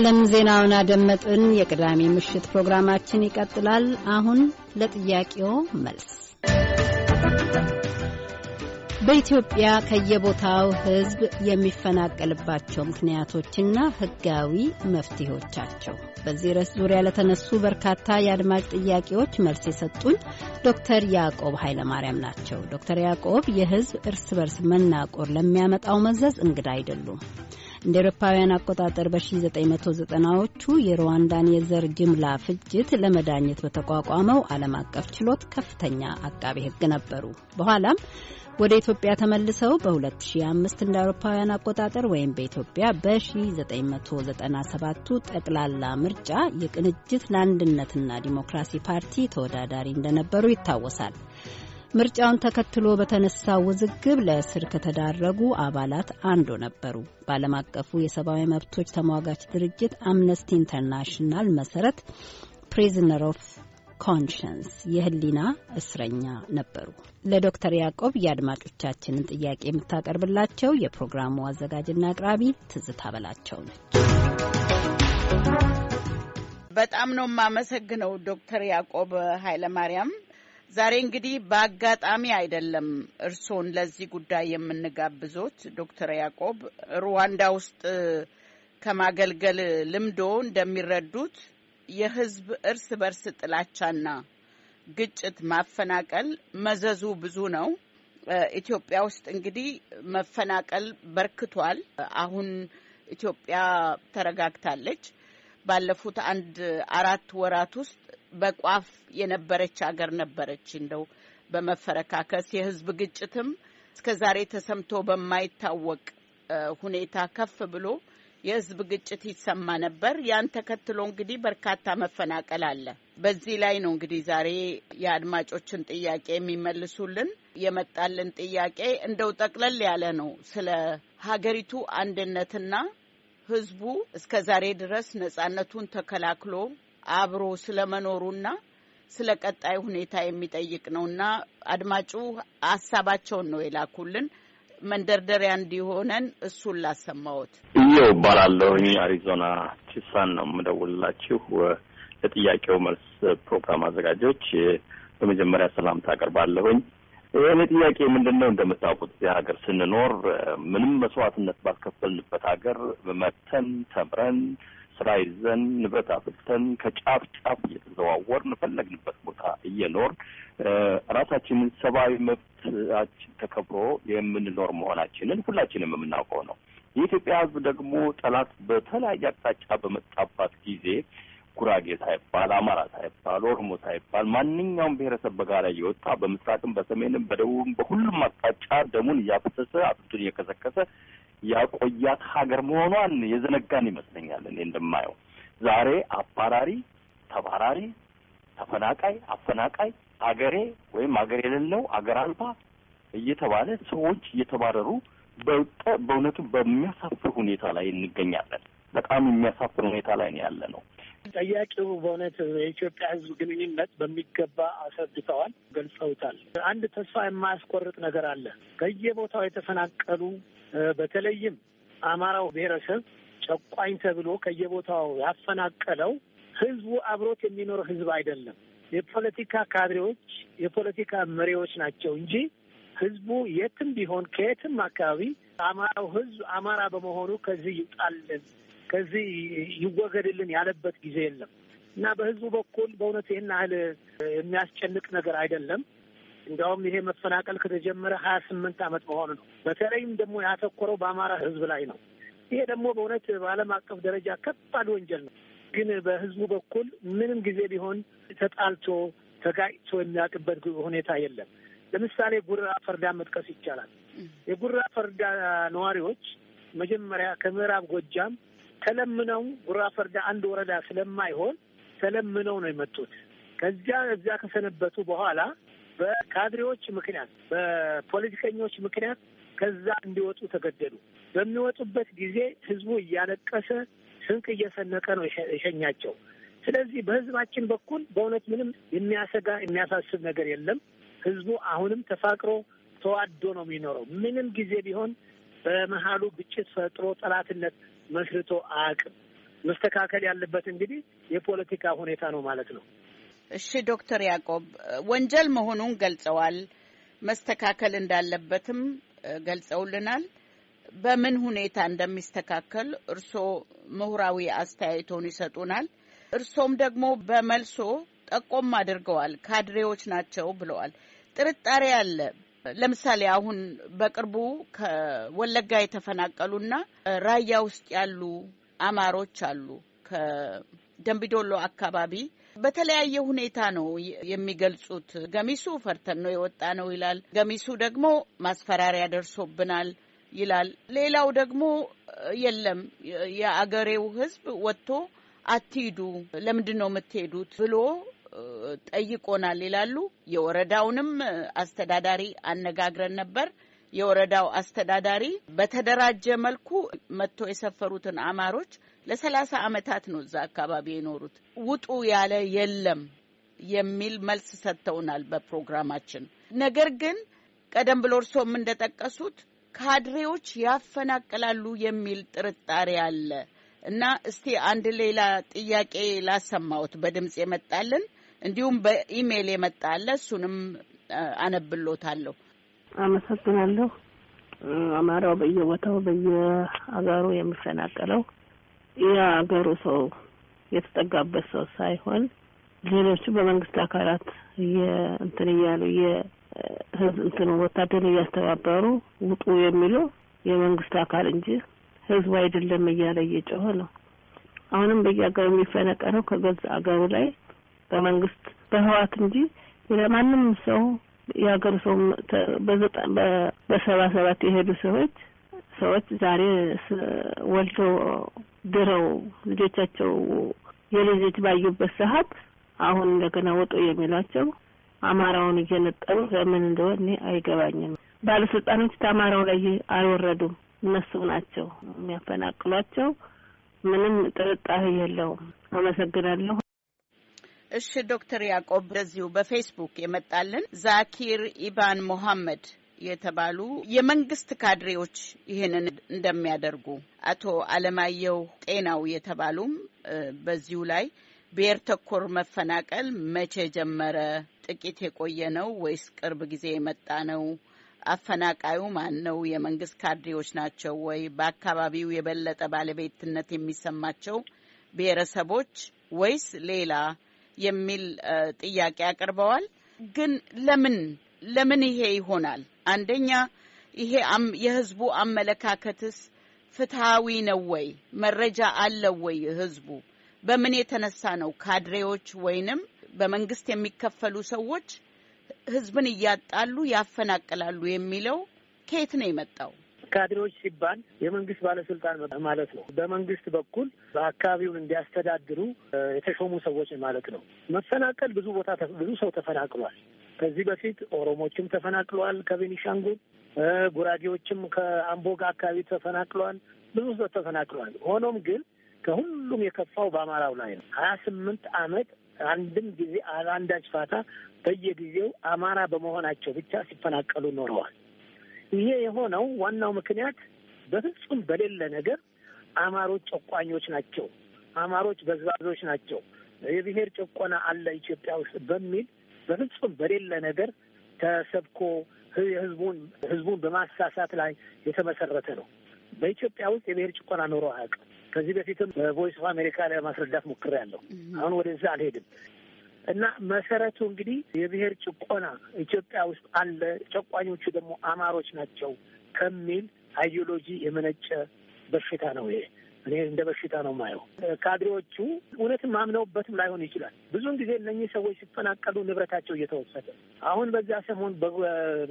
የዓለም ዜናውን አደመጥን። የቅዳሜ ምሽት ፕሮግራማችን ይቀጥላል። አሁን ለጥያቄው መልስ በኢትዮጵያ ከየቦታው ሕዝብ የሚፈናቀልባቸው ምክንያቶችና ሕጋዊ መፍትሄዎቻቸው በዚህ ርዕስ ዙሪያ ለተነሱ በርካታ የአድማጭ ጥያቄዎች መልስ የሰጡኝ ዶክተር ያዕቆብ ኃይለማርያም ናቸው። ዶክተር ያዕቆብ የሕዝብ እርስ በርስ መናቆር ለሚያመጣው መዘዝ እንግዳ አይደሉም። እንደ ኤሮፓውያን አቆጣጠር በ1990ዎቹ የሩዋንዳን የዘር ጅምላ ፍጅት ለመዳኘት በተቋቋመው ዓለም አቀፍ ችሎት ከፍተኛ አቃቤ ሕግ ነበሩ። በኋላም ወደ ኢትዮጵያ ተመልሰው በ2005 እንደ አውሮፓውያን አቆጣጠር ወይም በኢትዮጵያ በ1997ቱ ጠቅላላ ምርጫ የቅንጅት ለአንድነትና ዲሞክራሲ ፓርቲ ተወዳዳሪ እንደነበሩ ይታወሳል። ምርጫውን ተከትሎ በተነሳው ውዝግብ ለእስር ከተዳረጉ አባላት አንዱ ነበሩ። በዓለም አቀፉ የሰብአዊ መብቶች ተሟጋች ድርጅት አምነስቲ ኢንተርናሽናል መሰረት ፕሪዝነር ኦፍ ኮንሽንስ የህሊና እስረኛ ነበሩ። ለዶክተር ያዕቆብ የአድማጮቻችንን ጥያቄ የምታቀርብላቸው የፕሮግራሙ አዘጋጅና አቅራቢ ትዝታ በላቸው ነች። በጣም ነው የማመሰግነው ዶክተር ያዕቆብ ኃይለማርያም ዛሬ እንግዲህ በአጋጣሚ አይደለም እርስዎን ለዚህ ጉዳይ የምንጋብዞት። ዶክተር ያዕቆብ ሩዋንዳ ውስጥ ከማገልገል ልምዶ እንደሚረዱት የህዝብ እርስ በርስ ጥላቻና ግጭት ማፈናቀል መዘዙ ብዙ ነው። ኢትዮጵያ ውስጥ እንግዲህ መፈናቀል በርክቷል። አሁን ኢትዮጵያ ተረጋግታለች። ባለፉት አንድ አራት ወራት ውስጥ በቋፍ የነበረች አገር ነበረች። እንደው በመፈረካከስ የህዝብ ግጭትም እስከ ዛሬ ተሰምቶ በማይታወቅ ሁኔታ ከፍ ብሎ የህዝብ ግጭት ይሰማ ነበር። ያን ተከትሎ እንግዲህ በርካታ መፈናቀል አለ። በዚህ ላይ ነው እንግዲህ ዛሬ የአድማጮችን ጥያቄ የሚመልሱልን። የመጣልን ጥያቄ እንደው ጠቅለል ያለ ነው። ስለ ሀገሪቱ አንድነትና ህዝቡ እስከ ዛሬ ድረስ ነጻነቱን ተከላክሎ አብሮ ስለመኖሩና ስለ ቀጣይ ሁኔታ የሚጠይቅ ነው እና አድማጩ ሀሳባቸውን ነው የላኩልን። መንደርደሪያ እንዲሆነን እሱን ላሰማዎት። እየው እባላለሁኝ አሪዞና ቺሳን ነው የምደውልላችሁ። ለጥያቄው መልስ ፕሮግራም አዘጋጆች በመጀመሪያ ሰላምታ አቀርባለሁኝ። የእኔ ጥያቄ ምንድን ነው? እንደምታውቁት እዚህ ሀገር ስንኖር ምንም መስዋዕትነት ባስከፈልንበት ሀገር መተን ተምረን ስራ ይዘን ንብረት አፍርተን ከጫፍ ጫፍ እየተዘዋወርን ፈለግንበት ቦታ እየኖርን ራሳችንን ሰብአዊ መብታችን ተከብሮ የምንኖር መሆናችንን ሁላችንም የምናውቀው ነው። የኢትዮጵያ ሕዝብ ደግሞ ጠላት በተለያየ አቅጣጫ በመጣባት ጊዜ ጉራጌ ሳይባል አማራ ሳይባል ኦሮሞ ሳይባል ማንኛውም ብሔረሰብ በጋራ እየወጣ በምስራቅም በሰሜንም በደቡብም በሁሉም አቅጣጫ ደሙን እያፈሰሰ አጥንቱን እየከሰከሰ ያቆያት ሀገር መሆኗን የዘነጋን ይመስለኛል። እኔ እንደማየው ዛሬ አባራሪ፣ ተባራሪ፣ ተፈናቃይ፣ አፈናቃይ፣ አገሬ ወይም አገር የሌለው አገር አልባ እየተባለ ሰዎች እየተባረሩ በእውነቱ በሚያሳፍር ሁኔታ ላይ እንገኛለን። በጣም የሚያሳፍር ሁኔታ ላይ ነው ያለ ነው። ጠያቂው በእውነት የኢትዮጵያ ሕዝብ ግንኙነት በሚገባ አስረድተዋል፣ ገልጸውታል። አንድ ተስፋ የማያስቆርጥ ነገር አለ። ከየቦታው የተፈናቀሉ በተለይም አማራው ብሔረሰብ ጨቋኝ ተብሎ ከየቦታው ያፈናቀለው ሕዝቡ አብሮት የሚኖር ሕዝብ አይደለም። የፖለቲካ ካድሬዎች፣ የፖለቲካ መሪዎች ናቸው እንጂ ህዝቡ የትም ቢሆን ከየትም አካባቢ አማራው ህዝብ አማራ በመሆኑ ከዚህ ይውጣልን ከዚህ ይወገድልን ያለበት ጊዜ የለም እና በህዝቡ በኩል በእውነት ይህን ያህል የሚያስጨንቅ ነገር አይደለም። እንዲያውም ይሄ መፈናቀል ከተጀመረ ሀያ ስምንት ዓመት መሆኑ ነው። በተለይም ደግሞ ያተኮረው በአማራ ህዝብ ላይ ነው። ይሄ ደግሞ በእውነት በዓለም አቀፍ ደረጃ ከባድ ወንጀል ነው። ግን በህዝቡ በኩል ምንም ጊዜ ቢሆን ተጣልቶ ተጋጭቶ የሚያውቅበት ሁኔታ የለም። ለምሳሌ ጉራ ፈርዳ መጥቀስ ይቻላል። የጉራ ፈርዳ ነዋሪዎች መጀመሪያ ከምዕራብ ጎጃም ተለምነው ጉራ ፈርዳ አንድ ወረዳ ስለማይሆን ተለምነው ነው የመጡት። ከዚያ እዚያ ከሰነበቱ በኋላ በካድሬዎች ምክንያት፣ በፖለቲከኞች ምክንያት ከዛ እንዲወጡ ተገደዱ። በሚወጡበት ጊዜ ህዝቡ እያለቀሰ ስንቅ እየሰነቀ ነው የሸኛቸው። ስለዚህ በህዝባችን በኩል በእውነት ምንም የሚያሰጋ የሚያሳስብ ነገር የለም። ህዝቡ አሁንም ተፋቅሮ ተዋዶ ነው የሚኖረው። ምንም ጊዜ ቢሆን በመሀሉ ግጭት ፈጥሮ ጠላትነት መስርቶ አያውቅም። መስተካከል ያለበት እንግዲህ የፖለቲካ ሁኔታ ነው ማለት ነው። እሺ ዶክተር ያዕቆብ ወንጀል መሆኑን ገልጸዋል። መስተካከል እንዳለበትም ገልጸውልናል። በምን ሁኔታ እንደሚስተካከል እርስዎ ምሁራዊ አስተያየቶን ይሰጡናል። እርስዎም ደግሞ በመልሶ ጠቆም አድርገዋል። ካድሬዎች ናቸው ብለዋል። ጥርጣሬ አለ። ለምሳሌ አሁን በቅርቡ ከወለጋ የተፈናቀሉና ራያ ውስጥ ያሉ አማሮች አሉ። ከደንቢዶሎ አካባቢ በተለያየ ሁኔታ ነው የሚገልጹት። ገሚሱ ፈርተን ነው የወጣ ነው ይላል። ገሚሱ ደግሞ ማስፈራሪያ ደርሶብናል ይላል። ሌላው ደግሞ የለም የአገሬው ሕዝብ ወጥቶ አትሂዱ፣ ለምንድን ነው የምትሄዱት ብሎ ጠይቆናል ይላሉ። የወረዳውንም አስተዳዳሪ አነጋግረን ነበር። የወረዳው አስተዳዳሪ በተደራጀ መልኩ መጥቶ የሰፈሩትን አማሮች ለሰላሳ አመታት ነው እዛ አካባቢ የኖሩት ውጡ ያለ የለም የሚል መልስ ሰጥተውናል በፕሮግራማችን። ነገር ግን ቀደም ብሎ እርሶም እንደጠቀሱት ካድሬዎች ያፈናቅላሉ የሚል ጥርጣሬ አለ እና እስቲ አንድ ሌላ ጥያቄ ላሰማዎት በድምፅ የመጣልን እንዲሁም በኢሜይል የመጣ አለ። እሱንም አነብሎታለሁ። አመሰግናለሁ። አማራው በየቦታው በየአገሩ የሚፈናቀለው የአገሩ ሰው የተጠጋበት ሰው ሳይሆን ሌሎቹ በመንግስት አካላት እንትን እያሉ እንትን ወታደር እያስተባበሩ ውጡ የሚሉ የመንግስት አካል እንጂ ህዝቡ አይደለም እያለ እየጮኸ ነው። አሁንም በየአገሩ የሚፈነቀለው ከገዛ አገሩ ላይ በመንግስት በህዋት እንጂ ለማንም ሰው የሀገሩ ሰው በሰባ ሰባት የሄዱ ሰዎች ሰዎች ዛሬ ወልደው ድረው ልጆቻቸው የልጆች ባዩበት ሰዓት አሁን እንደገና ወጡ የሚሏቸው አማራውን እየነጠሩ ለምን እንደሆነ እኔ አይገባኝም። ባለስልጣኖች ከአማራው ላይ አልወረዱም። እነሱ ናቸው የሚያፈናቅሏቸው። ምንም ጥርጣሬ የለውም። አመሰግናለሁ። እሺ ዶክተር ያዕቆብ በዚሁ በፌስቡክ የመጣልን ዛኪር ኢባን ሞሐመድ የተባሉ የመንግስት ካድሬዎች ይህንን እንደሚያደርጉ አቶ አለማየሁ ጤናው የተባሉም በዚሁ ላይ ብሔር ተኮር መፈናቀል መቼ ጀመረ? ጥቂት የቆየ ነው ወይስ ቅርብ ጊዜ የመጣ ነው? አፈናቃዩ ማን ነው? የመንግስት ካድሬዎች ናቸው ወይ? በአካባቢው የበለጠ ባለቤትነት የሚሰማቸው ብሔረሰቦች ወይስ ሌላ የሚል ጥያቄ አቅርበዋል። ግን ለምን ለምን ይሄ ይሆናል? አንደኛ ይሄ የህዝቡ አመለካከትስ ፍትሐዊ ነው ወይ? መረጃ አለው ወይ? ህዝቡ በምን የተነሳ ነው ካድሬዎች ወይንም በመንግስት የሚከፈሉ ሰዎች ህዝብን እያጣሉ ያፈናቅላሉ የሚለው ከየት ነው የመጣው? ካድሬዎች ሲባል የመንግስት ባለስልጣን ማለት ነው። በመንግስት በኩል በአካባቢውን እንዲያስተዳድሩ የተሾሙ ሰዎች ማለት ነው። መፈናቀል ብዙ ቦታ ብዙ ሰው ተፈናቅሏል። ከዚህ በፊት ኦሮሞችም ተፈናቅለዋል ከቤኒሻንጉል፣ ጉራጌዎችም ከአምቦጋ አካባቢ ተፈናቅለዋል። ብዙ ሰው ተፈናቅለዋል። ሆኖም ግን ከሁሉም የከፋው በአማራው ላይ ነው። ሀያ ስምንት አመት አንድም ጊዜ አላንዳች ፋታ በየጊዜው አማራ በመሆናቸው ብቻ ሲፈናቀሉ ኖረዋል። ይሄ የሆነው ዋናው ምክንያት በፍጹም በሌለ ነገር አማሮች ጨቋኞች ናቸው፣ አማሮች በዝባዞች ናቸው፣ የብሔር ጭቆና አለ ኢትዮጵያ ውስጥ በሚል በፍጹም በሌለ ነገር ተሰብኮ የህዝቡን ህዝቡን በማሳሳት ላይ የተመሰረተ ነው። በኢትዮጵያ ውስጥ የብሔር ጭቆና ኖሮ አያውቅም። ከዚህ በፊትም በቮይስ ኦፍ አሜሪካ ላይ ለማስረዳት ሞክሬያለሁ። አሁን ወደዛ አልሄድም። እና መሰረቱ እንግዲህ የብሔር ጭቆና ኢትዮጵያ ውስጥ አለ፣ ጨቋኞቹ ደግሞ አማሮች ናቸው ከሚል አይዲዮሎጂ የመነጨ በሽታ ነው ይሄ። እኔ እንደ በሽታ ነው ማየው። ካድሬዎቹ እውነትም አምነውበትም ላይሆን ይችላል። ብዙውን ጊዜ እነኚህ ሰዎች ሲፈናቀሉ ንብረታቸው እየተወሰደ አሁን በዚያ ሰሞን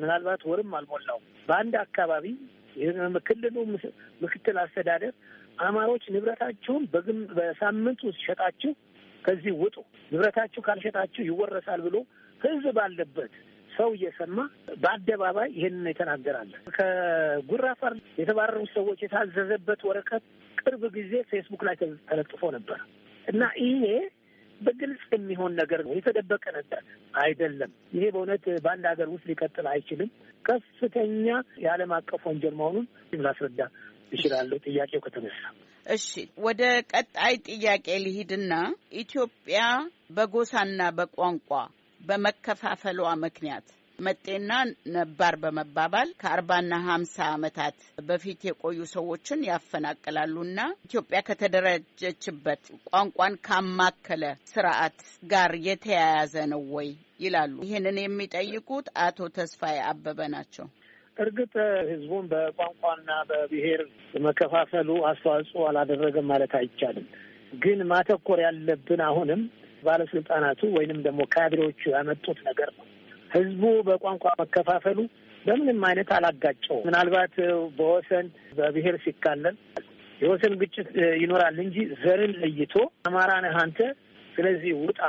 ምናልባት ወርም አልሞላውም በአንድ አካባቢ ክልሉ ምክትል አስተዳደር አማሮች ንብረታችሁን በሳምንት ውስጥ ሸጣችሁ ከዚህ ውጡ፣ ንብረታችሁ ካልሸጣችሁ ይወረሳል ብሎ ህዝብ ባለበት ሰው እየሰማ በአደባባይ ይህንን የተናገራለን። ከጉራ የተባረሩ ሰዎች የታዘዘበት ወረቀት ቅርብ ጊዜ ፌስቡክ ላይ ተለጥፎ ነበር እና ይሄ በግልጽ የሚሆን ነገር ነው። የተደበቀ ነገር አይደለም። ይሄ በእውነት በአንድ ሀገር ውስጥ ሊቀጥል አይችልም። ከፍተኛ የዓለም አቀፍ ወንጀል መሆኑን ላስረዳ ይችላለሁ ጥያቄው ከተነሳ እሺ ወደ ቀጣይ ጥያቄ ልሂድና ኢትዮጵያ በጎሳና በቋንቋ በመከፋፈሏ ምክንያት መጤና ነባር በመባባል ከአርባና ሀምሳ ዓመታት በፊት የቆዩ ሰዎችን ያፈናቅላሉና ኢትዮጵያ ከተደራጀችበት ቋንቋን ካማከለ ስርዓት ጋር የተያያዘ ነው ወይ ይላሉ። ይህንን የሚጠይቁት አቶ ተስፋዬ አበበ ናቸው። እርግጥ ህዝቡን በቋንቋና በብሔር መከፋፈሉ አስተዋጽኦ አላደረገም ማለት አይቻልም። ግን ማተኮር ያለብን አሁንም ባለስልጣናቱ ወይንም ደግሞ ካድሬዎቹ ያመጡት ነገር ነው። ህዝቡ በቋንቋ መከፋፈሉ በምንም አይነት አላጋጨው። ምናልባት በወሰን በብሔር ሲካለል የወሰን ግጭት ይኖራል እንጂ ዘርን ለይቶ አማራ ነህ አንተ ስለዚህ ውጣ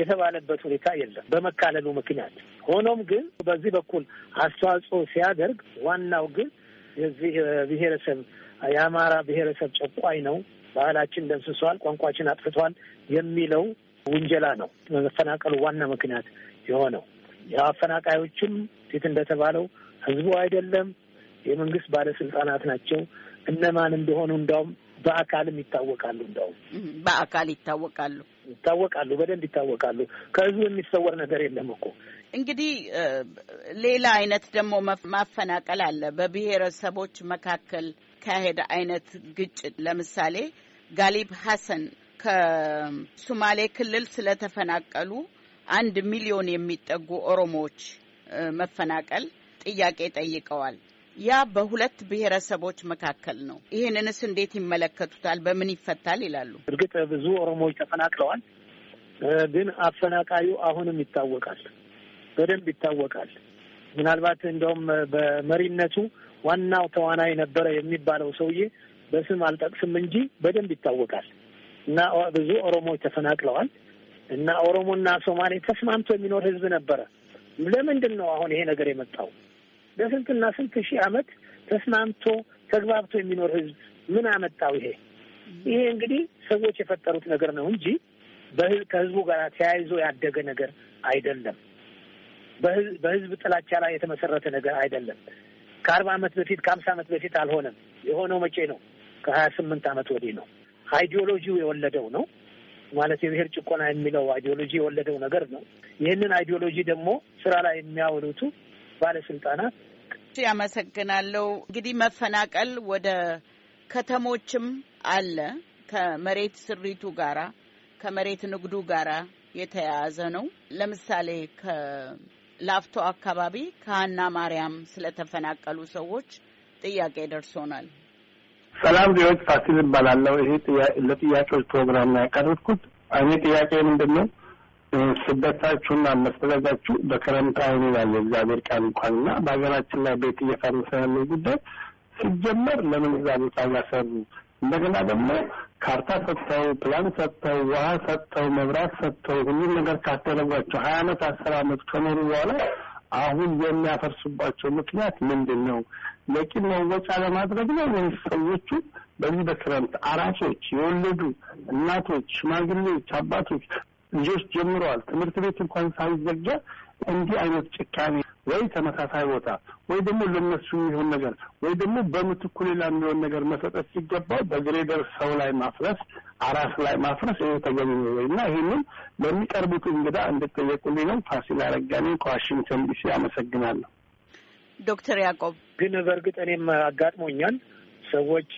የተባለበት ሁኔታ የለም። በመካለሉ ምክንያት ሆኖም ግን በዚህ በኩል አስተዋጽኦ ሲያደርግ ዋናው ግን የዚህ ብሔረሰብ የአማራ ብሔረሰብ ጨቋኝ ነው፣ ባህላችን ደምስሷል፣ ቋንቋችን አጥፍቷል የሚለው ውንጀላ ነው መፈናቀሉ ዋና ምክንያት የሆነው። የአፈናቃዮችም ፊት እንደተባለው ህዝቡ አይደለም የመንግስት ባለስልጣናት ናቸው። እነማን እንደሆኑ እንዳውም በአካልም ይታወቃሉ። እንዳውም በአካል ይታወቃሉ ይታወቃሉ፣ በደንብ ይታወቃሉ። ከህዝቡ የሚሰወር ነገር የለም እኮ እንግዲህ ሌላ አይነት ደግሞ ማፈናቀል አለ። በብሔረሰቦች መካከል ካሄደ አይነት ግጭት ለምሳሌ ጋሊብ ሀሰን ከሱማሌ ክልል ስለተፈናቀሉ አንድ ሚሊዮን የሚጠጉ ኦሮሞዎች መፈናቀል ጥያቄ ጠይቀዋል። ያ በሁለት ብሔረሰቦች መካከል ነው። ይህንንስ እንዴት ይመለከቱታል? በምን ይፈታል ይላሉ? እርግጥ ብዙ ኦሮሞዎች ተፈናቅለዋል፣ ግን አፈናቃዩ አሁንም ይታወቃል። በደንብ ይታወቃል። ምናልባት እንደውም በመሪነቱ ዋናው ተዋናይ ነበረ የሚባለው ሰውዬ በስም አልጠቅስም እንጂ በደንብ ይታወቃል። እና ብዙ ኦሮሞዎች ተፈናቅለዋል። እና ኦሮሞና ሶማሌ ተስማምቶ የሚኖር ህዝብ ነበረ። ለምንድን ነው አሁን ይሄ ነገር የመጣው? ለስንትና ስንት ሺህ ዓመት ተስማምቶ ተግባብቶ የሚኖር ህዝብ ምን አመጣው? ይሄ ይሄ እንግዲህ ሰዎች የፈጠሩት ነገር ነው እንጂ ከህዝቡ ጋር ተያይዞ ያደገ ነገር አይደለም። በህዝብ ጥላቻ ላይ የተመሰረተ ነገር አይደለም። ከአርባ ዓመት በፊት ከአምሳ ዓመት በፊት አልሆነም። የሆነው መቼ ነው? ከሀያ ስምንት ዓመት ወዲህ ነው። አይዲዮሎጂው የወለደው ነው ማለት የብሔር ጭቆና የሚለው አይዲዮሎጂ የወለደው ነገር ነው። ይህንን አይዲዮሎጂ ደግሞ ስራ ላይ የሚያውሉቱ ባለስልጣናት ያመሰግናለሁ። እንግዲህ መፈናቀል ወደ ከተሞችም አለ ከመሬት ስሪቱ ጋራ ከመሬት ንግዱ ጋራ የተያያዘ ነው። ለምሳሌ ላፍቶ አካባቢ ከሀና ማርያም ስለተፈናቀሉ ሰዎች ጥያቄ ደርሶናል። ሰላም ዜዎች ፋሲል እባላለሁ። ይሄ ለጥያቄዎች ፕሮግራም ነው ያቀረብኩት። እኔ ጥያቄ ምንድን ነው ስደታችሁና መሰደዳችሁ በክረምት አይኑ ያለ እግዚአብሔር ቃል እንኳን እና በሀገራችን ላይ ቤት እየፈረሰ ያለ ጉዳይ ሲጀመር ለምን እዛ ቦታ እያሰሩ እንደገና ደግሞ ካርታ ሰጥተው ፕላን ሰጥተው ውሃ ሰጥተው መብራት ሰጥተው ሁሉም ነገር ካደረጓቸው ሀያ አመት አስር አመት ከኖሩ በኋላ አሁን የሚያፈርሱባቸው ምክንያት ምንድን ነው? በቂ መወጫ ለማድረግ ነው ወይስ ሰዎቹ በዚህ በክረምት አራሶች የወለዱ እናቶች፣ ሽማግሌዎች፣ አባቶች ልጆች ጀምረዋል። ትምህርት ቤት እንኳን ሳይዘጋ እንዲህ አይነት ጭካኔ ወይ ተመሳሳይ ቦታ ወይ ደግሞ ለነሱ የሚሆን ነገር ወይ ደግሞ በምትኩ ሌላ የሚሆን ነገር መሰጠት ሲገባው በግሬደር ሰው ላይ ማፍረስ፣ አራስ ላይ ማፍረስ ይህ ተገቢ ነው ወይ? እና ይህንም ለሚቀርቡት እንግዳ እንድጠየቁልኝ ነው። ፋሲል አረጋኔ ከዋሽንግተን ዲሲ አመሰግናለሁ። ዶክተር ያዕቆብ ግን በእርግጥ እኔም አጋጥሞኛል ሰዎች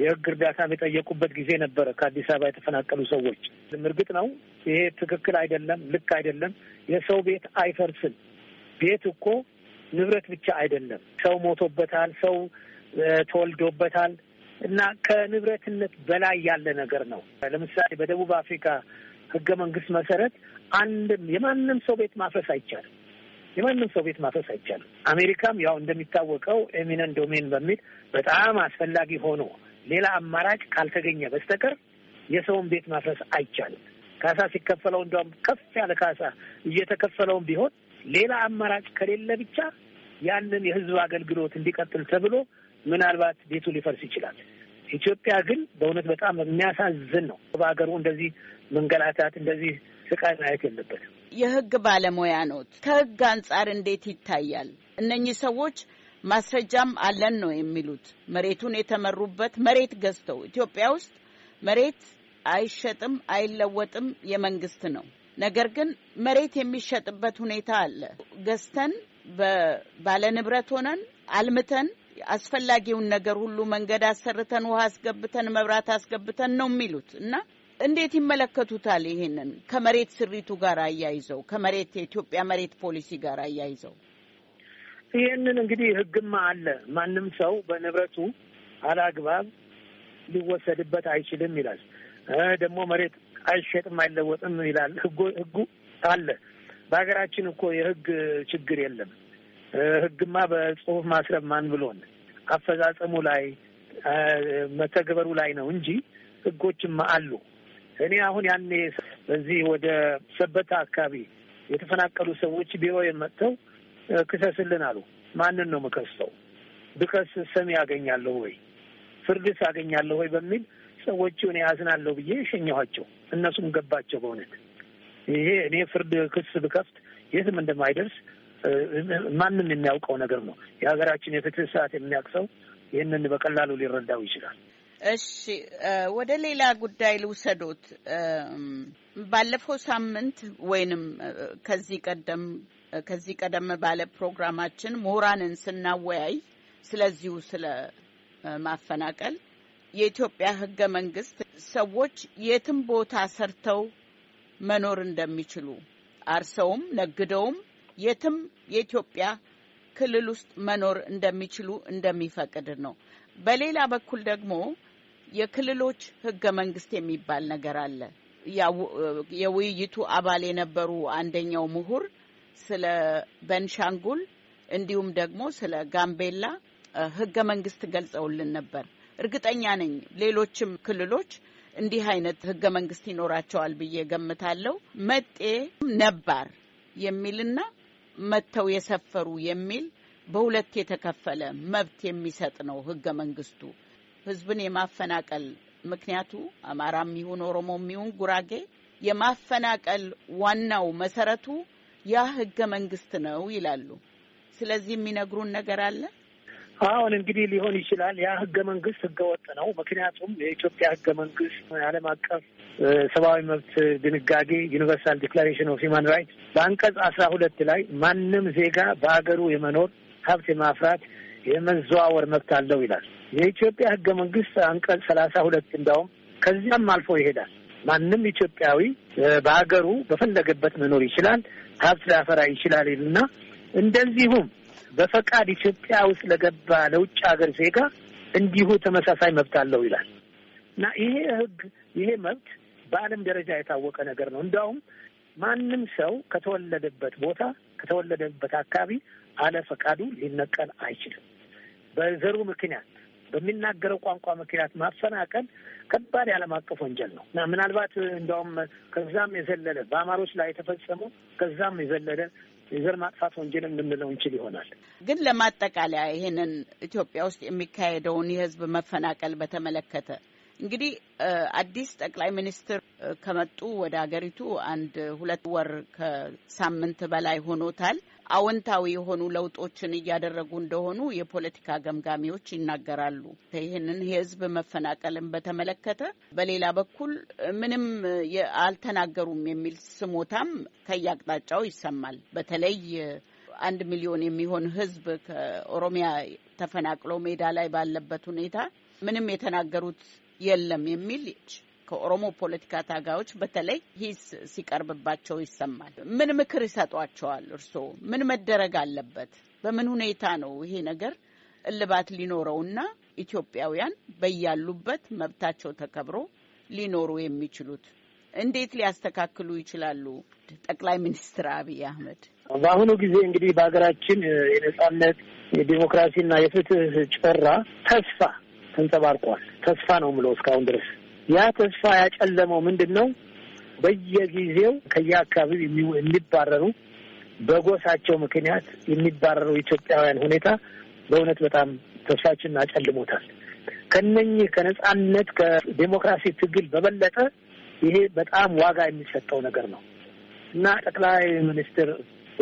የህግ እርዳታ የጠየቁበት ጊዜ ነበረ ከአዲስ አበባ የተፈናቀሉ ሰዎች። እርግጥ ነው ይሄ ትክክል አይደለም፣ ልክ አይደለም። የሰው ቤት አይፈርስም። ቤት እኮ ንብረት ብቻ አይደለም። ሰው ሞቶበታል፣ ሰው ተወልዶበታል እና ከንብረትነት በላይ ያለ ነገር ነው። ለምሳሌ በደቡብ አፍሪካ ህገ መንግስት መሰረት አንድም የማንም ሰው ቤት ማፍረስ አይቻልም። የማንም ሰው ቤት ማፈስ አይቻልም። አሜሪካም ያው እንደሚታወቀው ኤሚነን ዶሜን በሚል በጣም አስፈላጊ ሆኖ ሌላ አማራጭ ካልተገኘ በስተቀር የሰውን ቤት ማፍረስ አይቻልም። ካሳ ሲከፈለው እንዲያውም ከፍ ያለ ካሳ እየተከፈለውም ቢሆን ሌላ አማራጭ ከሌለ ብቻ ያንን የህዝብ አገልግሎት እንዲቀጥል ተብሎ ምናልባት ቤቱ ሊፈርስ ይችላል። ኢትዮጵያ ግን በእውነት በጣም የሚያሳዝን ነው። በሀገሩ እንደዚህ መንገላታት፣ እንደዚህ ስቃይ ማየት የለበትም። የህግ ባለሙያ ኖት፣ ከህግ አንጻር እንዴት ይታያል እነኚህ ሰዎች ማስረጃም አለን ነው የሚሉት። መሬቱን የተመሩበት መሬት ገዝተው ኢትዮጵያ ውስጥ መሬት አይሸጥም አይለወጥም፣ የመንግስት ነው። ነገር ግን መሬት የሚሸጥበት ሁኔታ አለ። ገዝተን ባለንብረት ሆነን አልምተን አስፈላጊውን ነገር ሁሉ መንገድ አሰርተን ውሃ አስገብተን መብራት አስገብተን ነው የሚሉት እና እንዴት ይመለከቱታል? ይሄንን ከመሬት ስሪቱ ጋር አያይዘው ከመሬት የኢትዮጵያ መሬት ፖሊሲ ጋር አያይዘው ይህንን እንግዲህ ህግማ አለ። ማንም ሰው በንብረቱ አላግባብ ሊወሰድበት አይችልም ይላል። ደግሞ መሬት አይሸጥም አይለወጥም ይላል። ህጉ አለ። በሀገራችን እኮ የህግ ችግር የለም። ህግማ በጽሁፍ ማስረብ ማን ብሎን አፈጻጸሙ ላይ መተግበሩ ላይ ነው እንጂ ህጎችማ አሉ። እኔ አሁን ያኔ በዚህ ወደ ሰበታ አካባቢ የተፈናቀሉ ሰዎች ቢሮ የመጥተው ክሰስልን አሉ። ማንን ነው ምከሰው? ብከስ ሰሚ ያገኛለሁ ወይ? ፍርድስ አገኛለሁ ወይ በሚል ሰዎቹ እኔ ያዝናለሁ ብዬ የሸኘኋቸው እነሱም ገባቸው። በእውነት ይሄ እኔ ፍርድ ክስ ብከፍት የትም እንደማይደርስ ማንም የሚያውቀው ነገር ነው። የሀገራችን የፍትህ ስርዓት የሚያውቅ ሰው ይህንን በቀላሉ ሊረዳው ይችላል። እሺ፣ ወደ ሌላ ጉዳይ ልውሰዶት። ባለፈው ሳምንት ወይንም ከዚህ ቀደም ከዚህ ቀደም ባለ ፕሮግራማችን ምሁራንን ስናወያይ ስለዚሁ ስለ ማፈናቀል የኢትዮጵያ ሕገ መንግስት ሰዎች የትም ቦታ ሰርተው መኖር እንደሚችሉ አርሰውም ነግደውም የትም የኢትዮጵያ ክልል ውስጥ መኖር እንደሚችሉ እንደሚፈቅድ ነው። በሌላ በኩል ደግሞ የክልሎች ሕገ መንግስት የሚባል ነገር አለ። የውይይቱ አባል የነበሩ አንደኛው ምሁር ስለ በንሻንጉል እንዲሁም ደግሞ ስለ ጋምቤላ ህገ መንግስት ገልጸውልን ነበር። እርግጠኛ ነኝ ሌሎችም ክልሎች እንዲህ አይነት ህገ መንግስት ይኖራቸዋል ብዬ ገምታለሁ። መጤ ነባር የሚልና መጥተው የሰፈሩ የሚል በሁለት የተከፈለ መብት የሚሰጥ ነው ህገ መንግስቱ። ህዝብን የማፈናቀል ምክንያቱ አማራም ይሁን ኦሮሞም ይሁን ጉራጌ የማፈናቀል ዋናው መሰረቱ ያ ህገ መንግስት ነው ይላሉ። ስለዚህ የሚነግሩን ነገር አለ። አሁን እንግዲህ ሊሆን ይችላል። ያ ህገ መንግስት ህገ ወጥ ነው። ምክንያቱም የኢትዮጵያ ህገ መንግስት የዓለም አቀፍ ሰብአዊ መብት ድንጋጌ ዩኒቨርሳል ዲክላሬሽን ኦፍ ሂማን ራይትስ በአንቀጽ አስራ ሁለት ላይ ማንም ዜጋ በሀገሩ የመኖር ሀብት የማፍራት የመዘዋወር መብት አለው ይላል። የኢትዮጵያ ህገ መንግስት አንቀጽ ሰላሳ ሁለት እንዲያውም ከዚያም አልፎ ይሄዳል። ማንም ኢትዮጵያዊ በሀገሩ በፈለገበት መኖር ይችላል። ሀብት ሊያፈራ ይችላል እና እንደዚሁም በፈቃድ ኢትዮጵያ ውስጥ ለገባ ለውጭ ሀገር ዜጋ እንዲሁ ተመሳሳይ መብት አለው ይላል እና ይሄ ህግ ይሄ መብት በዓለም ደረጃ የታወቀ ነገር ነው። እንዲያውም ማንም ሰው ከተወለደበት ቦታ ከተወለደበት አካባቢ አለ ፈቃዱ ሊነቀል አይችልም። በዘሩ ምክንያት በሚናገረው ቋንቋ ምክንያት ማፈናቀል ከባድ የዓለም አቀፍ ወንጀል ነው እና ምናልባት እንደውም ከዛም የዘለለ በአማሮች ላይ የተፈጸመው ከዛም የዘለለ የዘር ማጥፋት ወንጀል የምንለው እንችል ይሆናል። ግን ለማጠቃለያ ይህንን ኢትዮጵያ ውስጥ የሚካሄደውን የህዝብ መፈናቀል በተመለከተ እንግዲህ አዲስ ጠቅላይ ሚኒስትር ከመጡ ወደ ሀገሪቱ አንድ ሁለት ወር ከሳምንት በላይ ሆኖታል። አዎንታዊ የሆኑ ለውጦችን እያደረጉ እንደሆኑ የፖለቲካ ገምጋሚዎች ይናገራሉ። ይህንን የህዝብ መፈናቀልን በተመለከተ በሌላ በኩል ምንም አልተናገሩም የሚል ስሞታም ከየአቅጣጫው ይሰማል። በተለይ አንድ ሚሊዮን የሚሆን ህዝብ ከኦሮሚያ ተፈናቅሎ ሜዳ ላይ ባለበት ሁኔታ ምንም የተናገሩት የለም የሚል ከኦሮሞ ፖለቲካ ታጋዮች በተለይ ሂስ ሲቀርብባቸው ይሰማል። ምን ምክር ይሰጧቸዋል? እርስዎ ምን መደረግ አለበት? በምን ሁኔታ ነው ይሄ ነገር እልባት ሊኖረውና ኢትዮጵያውያን በያሉበት መብታቸው ተከብሮ ሊኖሩ የሚችሉት እንዴት ሊያስተካክሉ ይችላሉ? ጠቅላይ ሚኒስትር አብይ አህመድ በአሁኑ ጊዜ እንግዲህ በሀገራችን የነጻነት የዲሞክራሲና የፍትህ ጭራ ተስፋ ተንጸባርቋል። ተስፋ ነው ምለው እስካሁን ድረስ ያ ተስፋ ያጨለመው ምንድን ነው? በየጊዜው ከየአካባቢው የሚባረሩ በጎሳቸው ምክንያት የሚባረሩ ኢትዮጵያውያን ሁኔታ በእውነት በጣም ተስፋችንን አጨልሞታል። ከነኚህ ከነጻነት ከዴሞክራሲ ትግል በበለጠ ይሄ በጣም ዋጋ የሚሰጠው ነገር ነው እና ጠቅላይ ሚኒስትር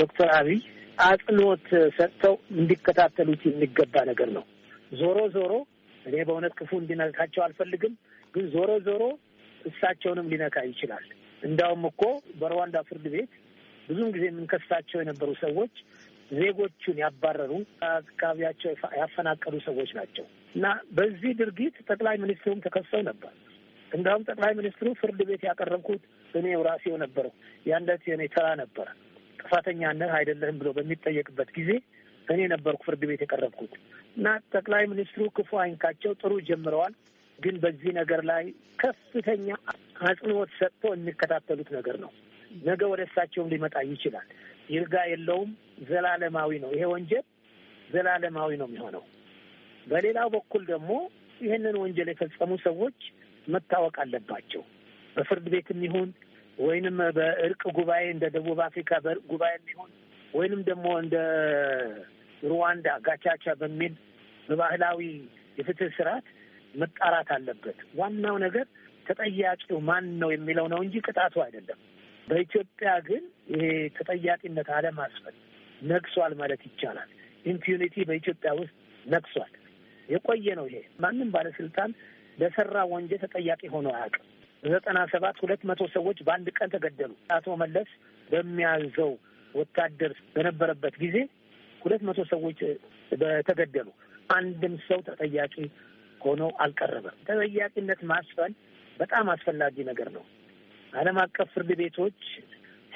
ዶክተር አብይ አጽንኦት ሰጥተው እንዲከታተሉት የሚገባ ነገር ነው። ዞሮ ዞሮ እኔ በእውነት ክፉ እንዲነካቸው አልፈልግም፣ ግን ዞሮ ዞሮ እሳቸውንም ሊነካ ይችላል። እንዳውም እኮ በሩዋንዳ ፍርድ ቤት ብዙም ጊዜ የምንከሳቸው የነበሩ ሰዎች ዜጎቹን ያባረሩ፣ አካባቢያቸው ያፈናቀሉ ሰዎች ናቸው እና በዚህ ድርጊት ጠቅላይ ሚኒስትሩም ተከሰው ነበር። እንዳውም ጠቅላይ ሚኒስትሩ ፍርድ ቤት ያቀረብኩት እኔው ራሴው ነበር። ያን ዕለት የኔ ተራ ነበረ። ጥፋተኛነህ አይደለህም ብሎ በሚጠየቅበት ጊዜ እኔ ነበርኩ ፍርድ ቤት የቀረብኩት እና ጠቅላይ ሚኒስትሩ ክፉ አይንካቸው፣ ጥሩ ጀምረዋል። ግን በዚህ ነገር ላይ ከፍተኛ አጽንኦት ሰጥቶ የሚከታተሉት ነገር ነው። ነገ ወደ እሳቸውም ሊመጣ ይችላል። ይርጋ የለውም። ዘላለማዊ ነው ይሄ ወንጀል ዘላለማዊ ነው የሚሆነው። በሌላው በኩል ደግሞ ይህንን ወንጀል የፈጸሙ ሰዎች መታወቅ አለባቸው። በፍርድ ቤትም ይሁን ወይንም በእርቅ ጉባኤ እንደ ደቡብ አፍሪካ በእርቅ ጉባኤም ይሁን ወይንም ደግሞ እንደ ሩዋንዳ ጋቻቻ በሚል በባህላዊ የፍትህ ስርዓት መጣራት አለበት። ዋናው ነገር ተጠያቂው ማን ነው የሚለው ነው እንጂ ቅጣቱ አይደለም። በኢትዮጵያ ግን ይሄ ተጠያቂነት አለማስፈን ነግሷል ማለት ይቻላል። ኢምፒዩኒቲ በኢትዮጵያ ውስጥ ነግሷል። የቆየ ነው ይሄ። ማንም ባለስልጣን ለሰራ ወንጀል ተጠያቂ ሆኖ አያውቅም። በዘጠና ሰባት ሁለት መቶ ሰዎች በአንድ ቀን ተገደሉ። አቶ መለስ በሚያዘው ወታደር በነበረበት ጊዜ ሁለት መቶ ሰዎች በተገደሉ አንድም ሰው ተጠያቂ ሆኖ አልቀረበም። ተጠያቂነት ማስፈን በጣም አስፈላጊ ነገር ነው። ዓለም አቀፍ ፍርድ ቤቶች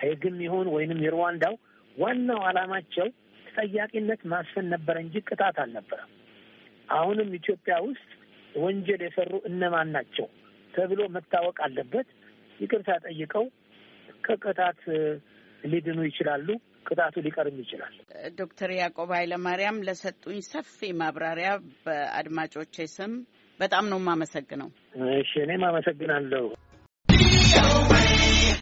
ሄግም ይሁን ወይንም የሩዋንዳው ዋናው ዓላማቸው ተጠያቂነት ማስፈን ነበረ እንጂ ቅጣት አልነበረም። አሁንም ኢትዮጵያ ውስጥ ወንጀል የሰሩ እነማን ናቸው ተብሎ መታወቅ አለበት። ይቅርታ ጠይቀው ከቅጣት ሊድኑ ይችላሉ። ቅጣቱ ሊቀርም ይችላል። ዶክተር ያዕቆብ ኃይለማርያም ለሰጡኝ ሰፊ ማብራሪያ በአድማጮቼ ስም በጣም ነው የማመሰግነው። እሺ እኔም አመሰግናለሁ።